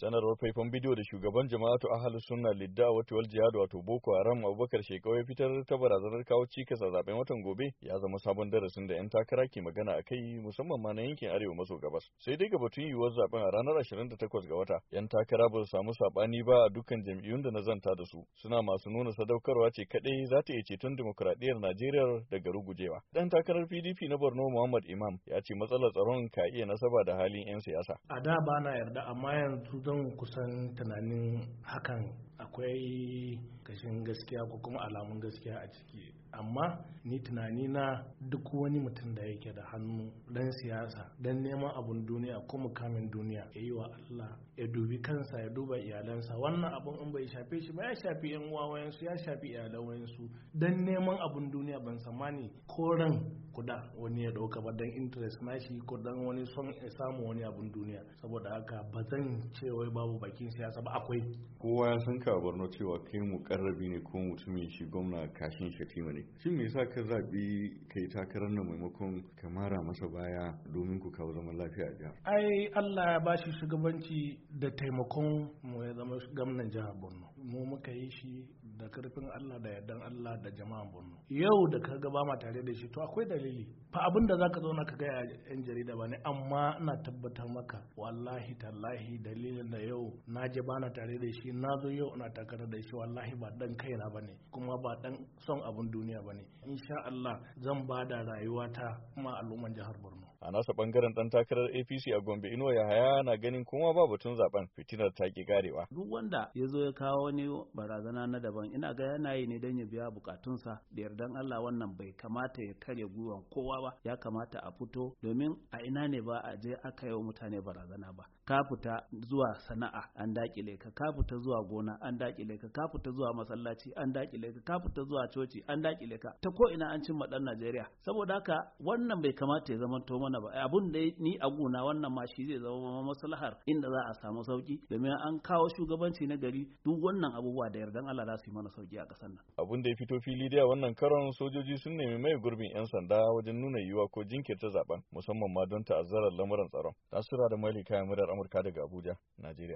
sanarwar faifan bidiyo da shugaban jama'atu halin suna lidda wata wal jihad wato boko haram abubakar shekau ya fitar ta barazanar kawo cikas a zaben watan gobe ya zama sabon darasin da yan takara ke magana a kai musamman ma na yankin arewa maso gabas sai dai ga batun yiwuwar zaben a ranar 28 ga wata yan takara ba su samu saɓani ba a dukkan jam'iyyun da na zanta da su suna masu nuna sadaukarwa ce kadai za ta iya ceton dimokuraɗiyyar najeriya daga rugujewa dan takarar pdp na borno muhammad imam ya ce matsalar tsaron ka iya nasaba da halin yan siyasa a da ba na yarda amma yanzu zan kusan tunanin hakan akwai kashin gaskiya ko kuma alamun gaskiya a ciki amma ni tunani na duk wani mutum da yake da hannu dan siyasa dan neman abun duniya ko mukamin duniya ya yi wa Allah ya dubi kansa ya duba iyalansa wannan abun in bai shafe shi ba ya shafi yan uwa wayansu ya shafi iyalan wayansu dan neman abun duniya ban samani koran kuda wani ya dauka ba dan interest na shi ko dan wani son ya samu wani abun duniya saboda haka ba zan ce wai babu bakin siyasa ba akwai kowa ya san ka barno cewa kai karrabi ne ko mutumin shi gwamna kashin shatima ne Shin me yasa ka zaɓi ka yi takarar nan maimakon ka mara masa baya domin ku kawo zaman lafiya a jihar? Ai Allah ya bashi shugabanci da taimakon mu ya zama gwamnan jihar Borno. Mu muka yi shi da karfin Allah da yardan Allah da jama'an Borno yau da ka ga ma tare da shi to akwai dalili fa abin da zaka zauna ka ga yan jarida ba ne amma ina tabbatar maka wallahi tallahi dalilin da yau na je ba na tare da shi na zo yau ina takarar da shi wallahi ba dan kaina bane kuma ba dan son abin duniya bane insha Allah zan bada da rayuwata kuma al'umman jihar Borno A nasa bangaren dan takarar APC a Gombe Inuwa Yahaya na ganin kuma ba batun zaben fitinar ta ki karewa. Duk wanda ya zo ya kawo wani barazana na daban ina ga yana yi ne don ya biya bukatunsa da yardan Allah wannan bai kamata ya karya gwiwan kowa ba ya kamata a fito domin a ina ne ba a je aka yi wa mutane barazana ba. Ka fita zuwa sana'a an dakile ka ka fita zuwa gona an dakile ka ka fita zuwa masallaci an dakile ka ka fita zuwa coci an dakile ka ta ko ina an cimma dan Najeriya saboda haka wannan bai kamata ya zama to mana ba abun da ni a guna wannan ma shi zai zama maslahar inda za a samu sauki domin an kawo shugabanci na gari duk wannan abubuwa da yardan Allah za su yi mana sauki a ƙasar nan abun da ya fito fili da wannan karon sojoji sun nemi mai gurbin yan sanda wajen nuna yiwuwa ko jinkirta zaben musamman ma don ta'azzarar lamuran tsaron tasira da mali-kayan murar Amurka daga Abuja Najeriya